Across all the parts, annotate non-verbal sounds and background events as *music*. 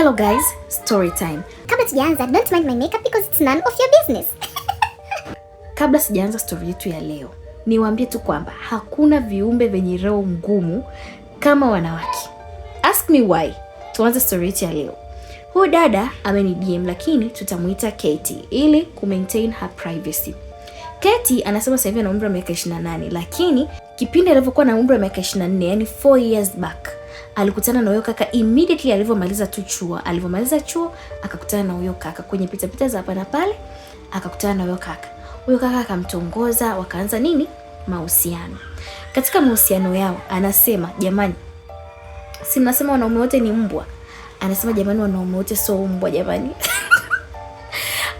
Hello guys, story time. Kabla sijaanza, don't mind my makeup because it's none of your business. *laughs* Kabla sijaanza story yetu ya leo, niwaambie tu kwamba hakuna viumbe vyenye roho ngumu kama wanawake. Ask me why. Tuanze story yetu ya leo. Huyu dada ameni DM lakini tutamuita Katie ili ku maintain her privacy. Katie anasema sasa hivi ana umri wa miaka 28 lakini kipindi alivyokuwa na umri wa miaka 24, yani 4 years back alikutana na huyo kaka immediately alivyomaliza tu chuo. Alivyomaliza chuo akakutana na huyo kaka kwenye pita pita za hapa na pale, akakutana na huyo kaka. Huyo kaka akamtongoza, wakaanza nini, mahusiano. Katika mahusiano yao anasema jamani, si mnasema wanaume wote ni mbwa? Anasema jamani, wanaume wote sio mbwa jamani. *laughs*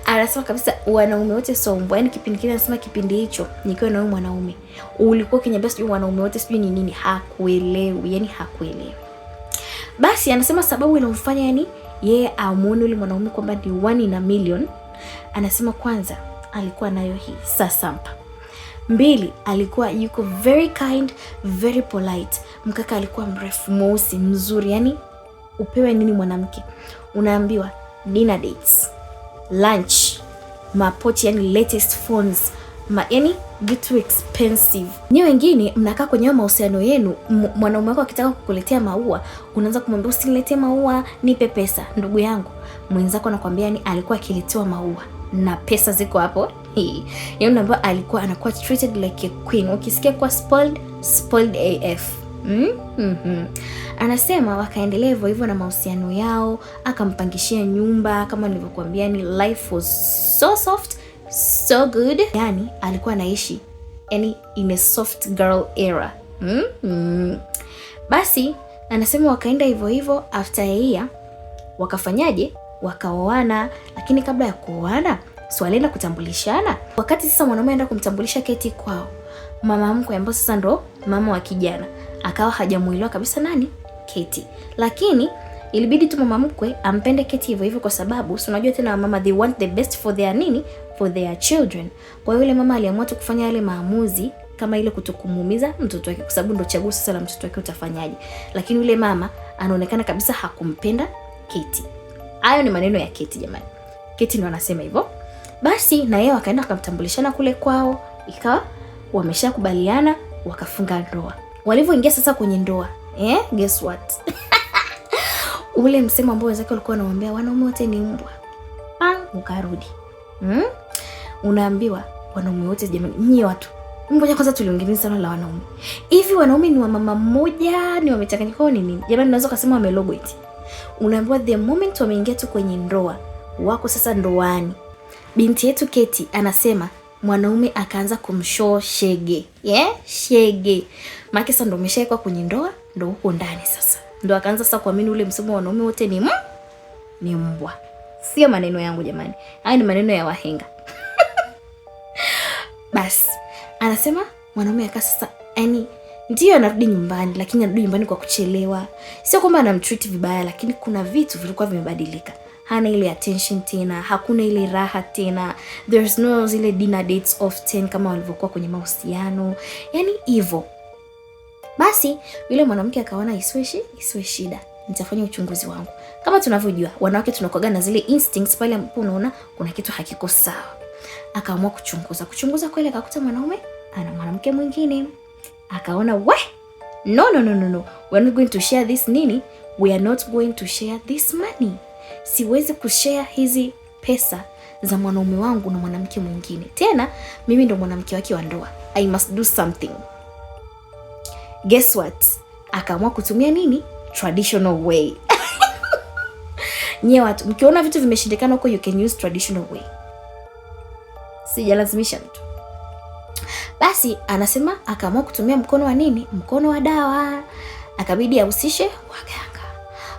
anasema kabisa wanaume wote sio mbwa. Yani kipindi kile, anasema kipindi hicho nikiwa na mwanaume ulikuwa ukiniambia sijui wanaume wote sijui ni nini, hakuelewi yani hakuelewi. Basi anasema sababu inamfanya yani yeye amuone yule mwanaume kwamba ni one in a million. Anasema kwanza alikuwa nayo hii sasampa. Mbili, alikuwa yuko very kind, very polite. Mkaka alikuwa mrefu, mweusi, mzuri. Yani upewe nini mwanamke? Unaambiwa dinner dates, lunch, mapochi, yani latest phones ma, yani vitu expensive. Ni wengine mnakaa kwenye mahusiano yenu, mwanaume wako akitaka kukuletea maua unaanza kumwambia usiniletee maua, nipe pesa. Ndugu yangu, mwenzako anakwambia ni yaani alikuwa akiletewa maua na pesa ziko hapo, yaani unaambiwa alikuwa anakuwa treated like a queen. Ukisikia kuwa spoiled, spoiled AF. mm? Mm -hmm. Anasema wakaendelea hivyo hivyo na mahusiano yao, akampangishia nyumba kama nilivyokuambia, ni yaani life was so soft so good. Yani alikuwa anaishi yani in a soft girl era. Mm -hmm. Basi anasema wakaenda hivyo hivyo after a year wakafanyaje? Wakaoana, lakini kabla ya kuoana swalienda kutambulishana. Wakati sasa mwanaume anaenda kumtambulisha Keti kwao mama mkwe, ambaye sasa ndo mama wa kijana, akawa hajamuelewa kabisa nani Keti, lakini Ilibidi tu mama mkwe ampende Keti hivyo hivyo, kwa sababu si unajua tena wamama they want the best for their nini, for their children. Kwa hiyo yule mama aliamua tu kufanya yale maamuzi kama ile kutokumuumiza mtoto wake, kwa sababu ndo chaguo sasa la mtoto wake, utafanyaje? Lakini yule mama anaonekana kabisa hakumpenda Keti. Hayo ni maneno ya Keti jamani, Keti ndo anasema hivyo. Basi na yeye wakaenda wakamtambulishana kule kwao, ikawa wameshakubaliana, wakafunga ndoa. Walivyoingia sasa kwenye ndoa eh, guess what? *laughs* ule msemo ambao wenzake walikuwa wanawaambia wanaume wote ni mbwa, ah, ukarudi mm? Unaambiwa wanaume wote jamani, nyie watu mmoja kwanza tuliongea sana la wanaume. Hivi wanaume ni wa mama mmoja, ni wamechanganyika ni nini? Jamani unaweza kusema wamelogo eti. Unaambiwa the moment wameingia tu kwenye ndoa, wako sasa ndoani. Binti yetu Keti anasema mwanaume akaanza kumshow shege. Yeah? Shege. Maana sasa ndo umeshaekwa kwenye ndoa, ndo huko ndani sasa ndo akaanza sasa kuamini ule msemo wa wanaume wote ni m mm, ni mbwa. Sio maneno yangu jamani, haya ni maneno ya wahenga. *laughs* Basi anasema mwanaume akaa sasa, yani ndio anarudi nyumbani, lakini anarudi nyumbani kwa kuchelewa. Sio kwamba anamtreat vibaya, lakini kuna vitu vilikuwa vimebadilika. Hana ile attention tena, hakuna ile raha tena, there's no zile dinner dates often kama walivyokuwa kwenye mahusiano, yani hivyo basi yule mwanamke akaona isiwe shi, isiwe shida, nitafanya uchunguzi wangu. Kama tunavyojua wanawake tunakoga na zile instincts pale ambapo unaona kuna kitu hakiko sawa. Akaamua kuchunguza. Kuchunguza kweli akakuta mwanaume ana mwanamke mwingine. Akaona we, no no no no no. We are not going to share this nini? We are not going to share this money. Siwezi kushare hizi pesa za mwanaume wangu na mwanamke mwingine. Tena mimi ndo mwanamke wake wa ndoa. I must do something guess what, akaamua kutumia nini traditional way *laughs* nyewe watu mkiona vitu vimeshindikana huko, you can use traditional way. Sijalazimisha mtu. Basi anasema akaamua kutumia mkono wa nini, mkono wa dawa, akabidi ahusishe waganga.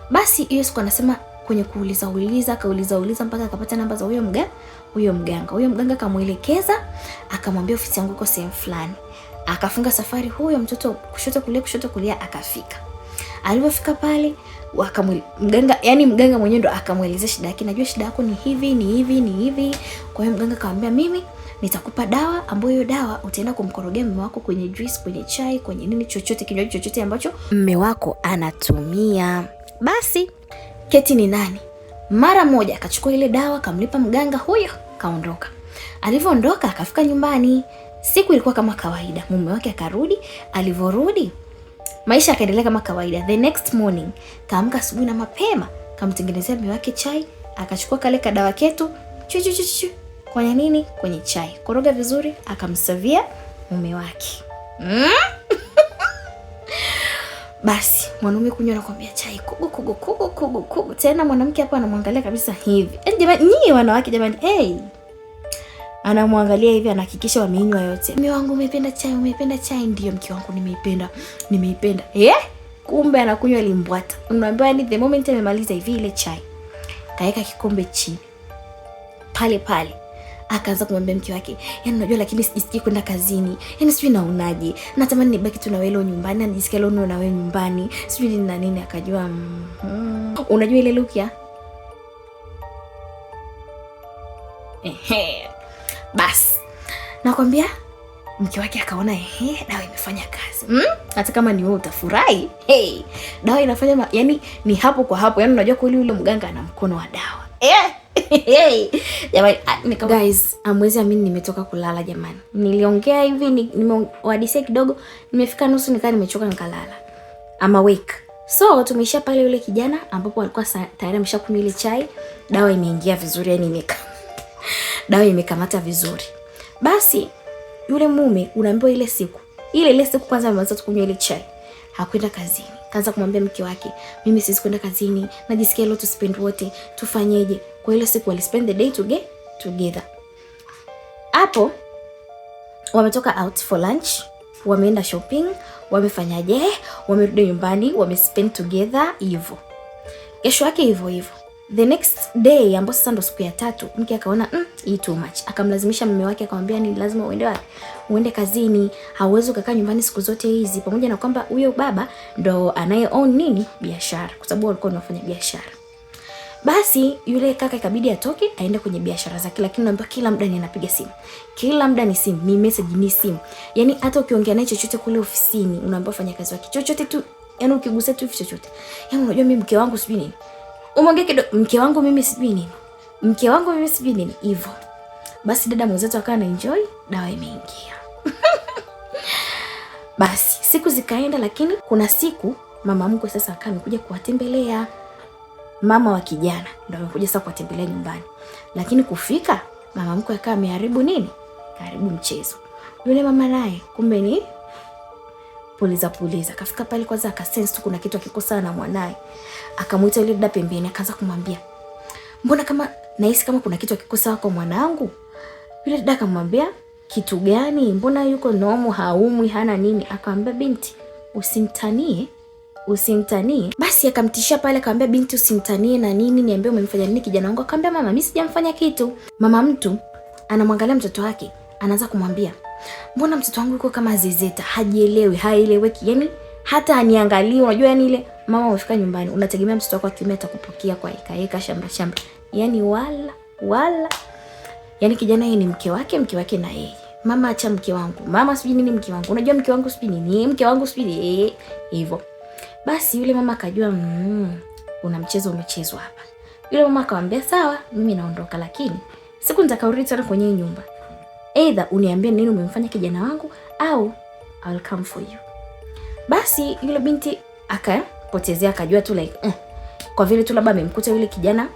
Basi hiyo siku anasema kwenye kuuliza uliza, akauliza uliza mpaka akapata namba za huyo mga huyo mganga. Huyo mganga akamwelekeza akamwambia ofisi yangu iko sehemu fulani. Akafunga safari huyo mtoto kushoto kulia, kushoto kulia, akafika. Alipofika pale wakamwel mganga, yani mganga mwenyewe ndo akamwelezea shida yake, najua shida yako ni hivi ni hivi ni hivi. Kwa hiyo mganga akamwambia, mimi nitakupa dawa ambayo hiyo dawa utaenda kumkorogea mume wako kwenye juice, kwenye chai, kwenye nini, chochote kinywaji chochote ambacho mume wako anatumia. Basi Keti ni nani, mara moja akachukua ile dawa, akamlipa mganga huyo, kaondoka. Alivyoondoka akafika nyumbani, Siku ilikuwa kama kawaida, mume wake akarudi. Alivyorudi maisha yakaendelea kama kawaida. The next morning kaamka asubuhi na mapema, kamtengenezea mume wake chai, akachukua kale kadawa ketu chu chu chu kwenye nini, kwenye chai, koroga vizuri, akamsavia mume wake mm? *laughs* Basi mwanaume kunywa, nakwambia chai kugu kugu kugu kugu kugu. Tena mwanamke hapo anamwangalia kabisa hivi. Yaani jamani, nyinyi wanawake jamani, hey. Anamwangalia hivi anahakikisha wameinywa yote. Mke wangu umependa chai, umependa chai? Ndio mke wangu nimeipenda. Nimeipenda. Eh? Kumbe anakunywa limbwata. Unaambiwa yani the moment amemaliza hivi ile chai. Kaeka kikombe chini. Pale pale. Akaanza kumwambia mke wake, yani unajua lakini sijisikii kwenda kazini. yani sijui naonaje. Natamani nibaki tu na wewe leo nyumbani, nijisikie leo na wewe nyumbani. Sijui ni na nini." Akajua, mm -hmm. Unajua ile look ya? Ehe. Basi nakwambia mke wake akaona, ehe, dawa imefanya kazi mm? hata kama ni wewe utafurahi. Hey, dawa inafanya ma... yani ni hapo kwa hapo, yani unajua kweli yule mganga ana mkono wa dawa eh. *laughs* Hey, jamani, ah, nikama... guys, amwezi amini nimetoka kulala jamani. Niliongea hivi nimewadisia ni kidogo, nimefika nusu nikaa nimechoka nikalala. Ama wake. So tumeisha pale yule kijana ambapo alikuwa tayari ameshakunywa ile chai, dawa imeingia vizuri yani imekaa dawa imekamata vizuri. Basi yule mume unaambiwa ile siku ile ile siku kwanza amemaliza kunywa ile chai, hakwenda kazini. Kaanza kumwambia mke wake, mimi siwezi kwenda kazini, najisikia leo tuspend wote, tufanyeje? Kwa ile siku wali spend the day toge together. Hapo wametoka out for lunch, wameenda shopping, wamefanyaje, wamerudi nyumbani, wamespend together hivyo. Kesho yake hivyo hivyo. The next day ambapo sasa ndo siku ya tatu, mke akaona mm, hii too much, akamlazimisha mume wake, akamwambia ni lazima uende wapi? Uende kazini, hauwezi ukakaa nyumbani siku zote hizi, pamoja na kwamba huyo baba ndo anaye own nini biashara, kwa sababu walikuwa wanafanya biashara. Basi yule kaka ikabidi atoke aende kwenye biashara zake, lakini naomba kila muda ni anapiga simu, kila muda ni simu, ni message, ni simu. Yani hata ukiongea naye chochote kule ofisini, unaambia fanya kazi wake chochote tu, yani ukigusa tu chochote, yani unajua mimi mke wangu sijui nini umwongee kidogo, mke wangu mimi sijui nini, mke wangu mimi sijui nini hivyo. Basi dada mwenzetu akawa na enjoy, dawa imeingia. *laughs* Basi siku zikaenda, lakini kuna siku mama mkwe sasa akawa amekuja kuwatembelea. Mama wa kijana ndo amekuja sasa kuwatembelea nyumbani, lakini kufika mama mkwe akawa ameharibu nini, karibu mchezo. Yule mama naye kumbe ni Puliza poleza. Akafika pale kwanza akasense tu kuna kitu akikosa na mwanae. Akamwita yule dada pembeni akaanza kumwambia, "Mbona kama nahisi kama kuna kitu akikosa kwa mwanangu?" Yule dada akamwambia, "Kitu gani? Mbona yuko nomo haumwi hana nini?" Akamwambia, "Binti, usimtanie usimtanie." Basi akamtishia pale akamwambia, "Binti, usimtanie na nini? Niambie umemfanya nini kijana wangu?" Akamwambia, "Mama, mimi sijamfanya kitu." Mama mtu anamwangalia mtoto wake, anaanza kumwambia, mbona mtoto wangu yuko kama zezeta, hajielewi, haeleweki, yani hata aniangalie. Unajua yani ile mama, umefika nyumbani, unategemea mtoto wako wa kiume atakupokea kwa ekaeka, shamba shamba, yani wala wala. Yani kijana yeye ni mke wake, mke wake na yeye mama, acha mke wangu, mama sijui nini, mke wangu, unajua mke wangu sijui nini, mke wangu sijui hivyo. Basi yule mama akajua, mmm, kuna mchezo umechezwa hapa. Yule mama akamwambia sawa, mimi naondoka, lakini siku nitakaurudi tena kwenye nyumba Either uniambie nini umemfanya kijana wangu au I'll come for you. Basi yule binti akapotezea akajua tu like eh, kwa vile tu labda amemkuta yule kijana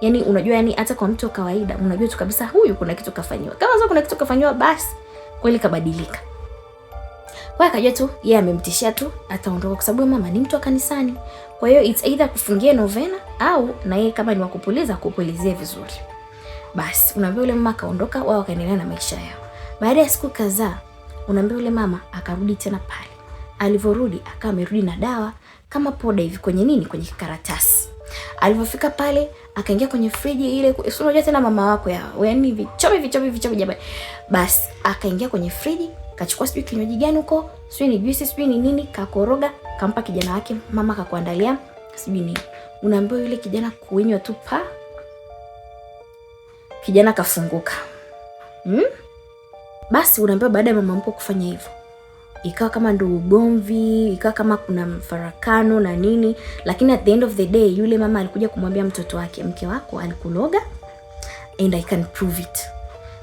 yani, unajua yani, hata kwa mtu wa kawaida unajua tu kabisa huyu kuna kitu kafanywa. Kama sio kuna kitu kafanywa, basi kweli kabadilika. Kwa akajua tu yeye yeah, amemtishia tu ataondoka, kwa sababu mama ni mtu wa kanisani. Kwa hiyo it's either kufungia novena au na yeye kama ni wakupuliza kupulizie vizuri. Basi unaambia yule mama akaondoka, wao wakaendelea na maisha yao. Baada ya siku kadhaa, unaambia yule mama akarudi tena pale. Alivyorudi akawa amerudi na dawa kama poda hivi kwenye nini, kwenye karatasi. Alivyofika pale akaingia kwenye friji ile, unajua tena mama wako ya yani, vichomi vichomi vichomi jamani. Basi akaingia kwenye friji kachukua sijui kinywaji gani huko, sijui ni juisi, sijui ni nini, kakoroga kampa kijana wake, mama kakuandalia sijui nini. Unaambiwa yule kijana kuinywa tu pa kijana kafunguka. Hmm? Basi unaambiwa baada ya mama mkwe kufanya hivyo ikawa kama ndio ugomvi, ikawa kama kuna mfarakano na nini, lakini at the end of the day yule mama alikuja kumwambia mtoto wake, mke wako alikuloga and I can prove it.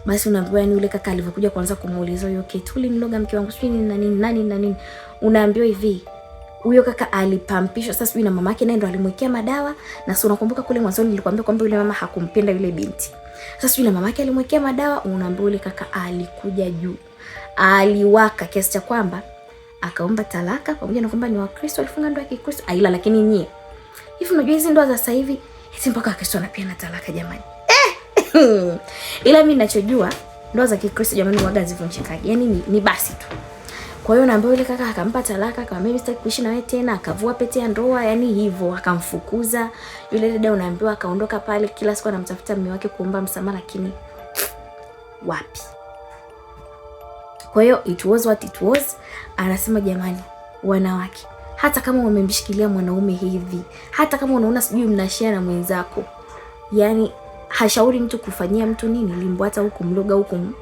Basi unaambiwa yani, yule kaka alivyokuja kuanza kumuuliza huyo Kate, uliniloga mke wangu sijui nini na nini nani na nini, unaambiwa hivi huyo kaka alipampishwa sasa, sijui na mamake naye ndo alimwekea madawa. Na si unakumbuka kule mwanzoni nilikwambia kwamba yule mama hakumpenda yule binti. Sasa yule mamake alimwekea madawa, unaambia yule kaka alikuja juu, aliwaka kiasi cha kwamba akaomba talaka, pamoja na kwamba ni Wakristo, alifunga ndoa ya Kikristo aila. Lakini nyie hivi, unajua hizi ndoa za sasa hivi hizi mpaka Wakristo na talaka jamani, eh! *laughs* ila mi nachojua ndoa za Kikristo jamani, waga zivunjikaji, Yani ni, ni basi tu kwa hiyo naambiwa yule kaka akampa talaka, kama mimi sitaki kuishi na wewe tena, akavua pete ya ndoa, yani hivyo akamfukuza. Yule dada unaambiwa akaondoka pale, kila siku anamtafuta mume wake kuomba msamaha, lakini wapi. Kwa hiyo it was what it was. Anasema jamani, wanawake, hata kama umemshikilia mwanaume hivi, hata kama unaona sijui mnashia na mwenzako, yani hashauri mtu kufanyia mtu nini limbwata hata hukumloga hukum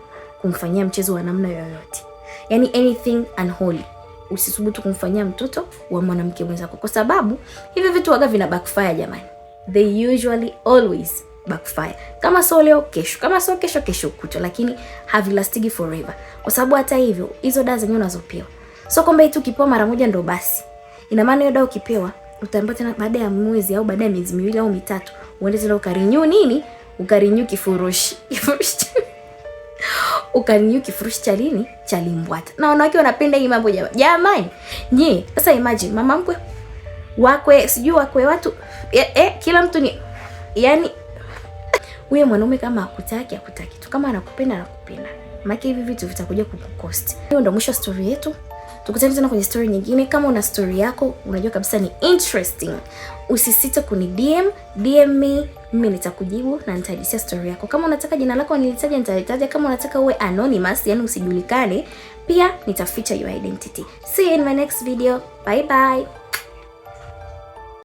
kumfanyia mchezo wa namna yoyote yani anything unholy Usisubutu kumfanyia mtoto wa mwanamke mwenzako, kwa sababu hivi vitu waga vina backfire jamani, they usually always backfire. Kama sio leo kesho, kama sio kesho kesho kutwa, lakini havilastigi forever, kwa sababu hata hivyo hizo dawa zenyewe unazopewa so kwamba eti ukipewa mara moja ndo basi. Ina maana hiyo dawa ukipewa utaambiwa tena baada ya mwezi au baada ya miezi miwili au mitatu uende tena ukarinyu nini, ukarinyu kifurushi *laughs* kifurushi ukaniu kifurushi cha lini cha limbwata. Na wanawake wanapenda hii mambo jamani, jamani. Nye sasa, imagine mama mkwe wakwe, sijui wakwe watu eh, eh, kila mtu ni yani wewe mwanaume kama akutaki akutaki tu, kama anakupenda anakupenda, maana hivi vitu vitakuja kukukosti. Hiyo ndio mwisho wa story yetu. Tukutane tena kwenye story nyingine. Kama una story yako unajua kabisa ni interesting, usisite kuni DM, DM me, mimi nitakujibu na nitajisia story yako. Kama unataka jina lako nilitaja, nitalitaja. Kama unataka uwe anonymous, yani usijulikane, pia nitaficha your identity. See you in my next video. Bye bye.